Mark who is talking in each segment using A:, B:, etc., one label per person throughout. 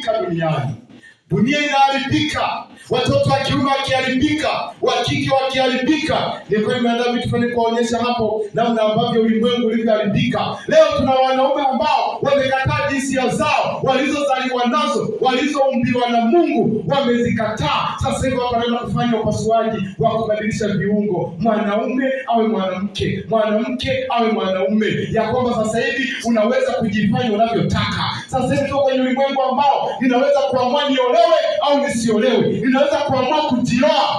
A: kuharibika duniani, dunia inaharibika, watoto wa kiume wakiharibika, wa kike wakiharibika. Nilikuwa nimeandaa vitu fulani kuwaonyesha hapo namna ambavyo ulimwengu ulivyoharibika. Leo tuna wanaume hisia zao walizozaliwa nazo walizoumbiwa na Mungu wamezikataa. Sasa hivi wanaenda kufanya upasuaji wa kubadilisha viungo, mwanaume awe mwanamke, mwanamke awe mwanaume, ya kwamba sasa hivi unaweza kujifanya unavyotaka. Sasa hivi tuko kwenye ulimwengu ambao ninaweza kuamua niolewe au nisiolewe, ninaweza kuamua kujioa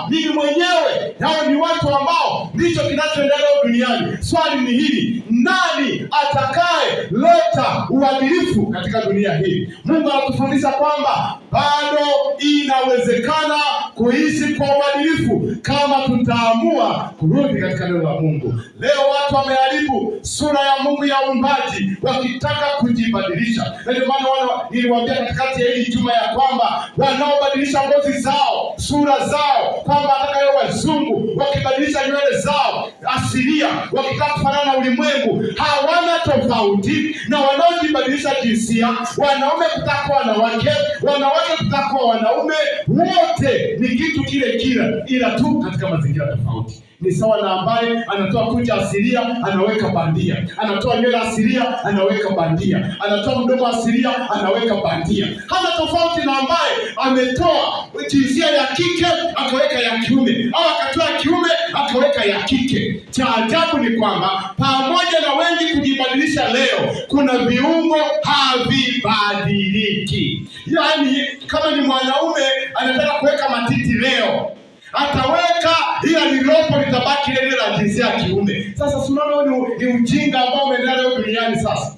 A: leo duniani. Swali ni hili, nani atakaye leta uadilifu katika dunia hii? Mungu anatufundisha kwamba bado inawezekana kuishi kwa uadilifu kama tutaamua kurudi katika neno la Mungu. Leo watu wameharibu sura ya Mungu ya uumbaji wakitaka kujibadilisha, na ndio maana niliwaambia katikati ya hili juma ya kwamba wanaobadilisha ngozi zao sura zao, kwamba atakayo wazungu wakibadilisha nywele zao asilia, wakitaka kufanana na ulimwengu. Hawana tofauti na wanaojibadilisha jinsia, wanaume kutakuwa wanawake, wanawake kutakuwa wanaume, wote ni kitu kile kile, ila tu katika mazingira tofauti ni sawa na ambaye anatoa kucha asilia anaweka bandia, anatoa nywele asilia anaweka bandia, anatoa mdomo asilia anaweka bandia. Hana tofauti na ambaye ametoa jinsia ya kike akaweka ya kiume, au akatoa kiume akaweka ya kike. Cha ajabu ni kwamba pamoja na wengi kujibadilisha leo, kuna viungo havibadiliki. Yaani, kama ni mwanaume anataka kuweka matiti leo ataweka ila lilopo litabaki lile la jinsia ya kiume. Sasa sunaona ni ujinga ambao umeendelea leo duniani. Sasa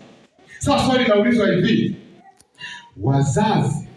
A: sasa swali linaulizwa hivi, wazazi